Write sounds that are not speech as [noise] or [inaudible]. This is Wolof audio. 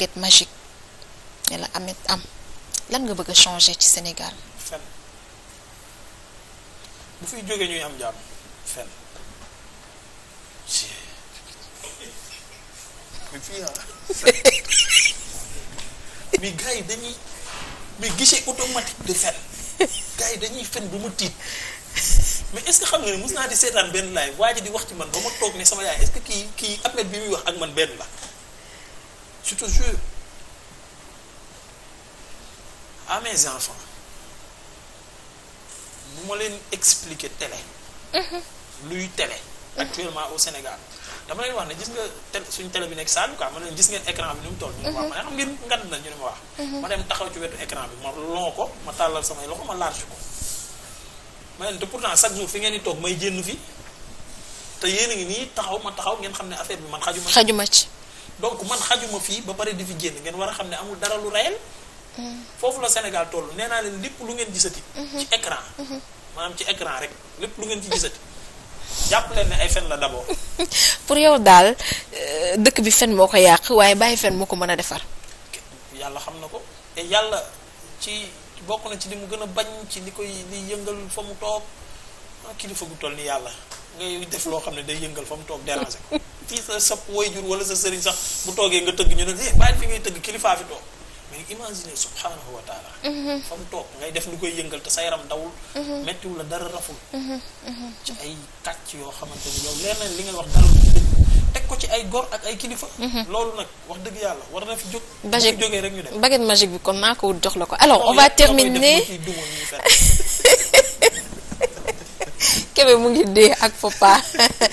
baguette magique ne amet am lan nga bëgg a changer ci Sénégal. fen bu fiy jógee ñuy am jàmm fen [laughs] ah. [laughs] mais gars yi dañuy mais guichet automatique de fen gars yi dañuy fen bu ma tiit mais est-ce que xam nga ne mos naa di seetaan benn live waa ji di wax ci man ba ma toog ne sama yaay est-ce que kii kii bi muy wax ak man benn la. je te jure à mes enfants bu ma leen expliquer télé. Mhm. luy télé. actuellement au Sénégal dama leen wax ne gis nga télé suñ télé bi nekk saal bi quoi ma leen gis ngeen écran bi ni mu toll. ñu ne ma ah, xam ngeen ngand na ñu ne ma wax. Mhm. ma dem taxaw ci wetu écran bi ma long ko ma tàllal samay loxo ma large ko ma leen te pourtant chaque jour fi ngeen di toog may jénn fi te yéen a ngi nii taxaw ma taxaw ngeen xam ne affaire bi man xajuma ci. xajuma ci donc man xajuma fii ba pare di fi génn ngeen war a xam ne amul dara lu réel foofu la Sénégal toll nee naa leen lépp lu ngeen gisati ci écran maanaam ci écran rek lépp lu ngeen ci gisati jàpp leen ne ay fen la d'abord [laughs] pour yow daal euh, dëkk bi fen moo ko yàq waaye bàyyi fen moo ko mën a defar yàlla xam na ko te yàlla ci bokk na ci li mu gën a bañ ci li koy liy yëngal fa mu toog ah, kilifa gu toll ni yàlla ngay def loo xam ne day yëngal fa mu toog déranger ko [laughs] kii sa sab wayjur wala sa sëriñ sax bu toogee nga tëgg ñu ne eh bàyyi fi ngay tëgg kilifaa fi toog mais mm-hmm. ngay def lu koy yëngal te sa yaram dawul méttiwu mm-hmm. la dara raful mm-hmm. ci ay kàcc yoo xamante ni yow leneen li ngay wax dara teg ko ci ay góor ak ay kilifa loolu nag wax dëgg yàlla war na fi jóg baguette jógee rek ñu dem baguette bi kon naa ko wut jox la ko alors on va terminer kebe [laughs] mu ngi dee ak Fapal [laughs]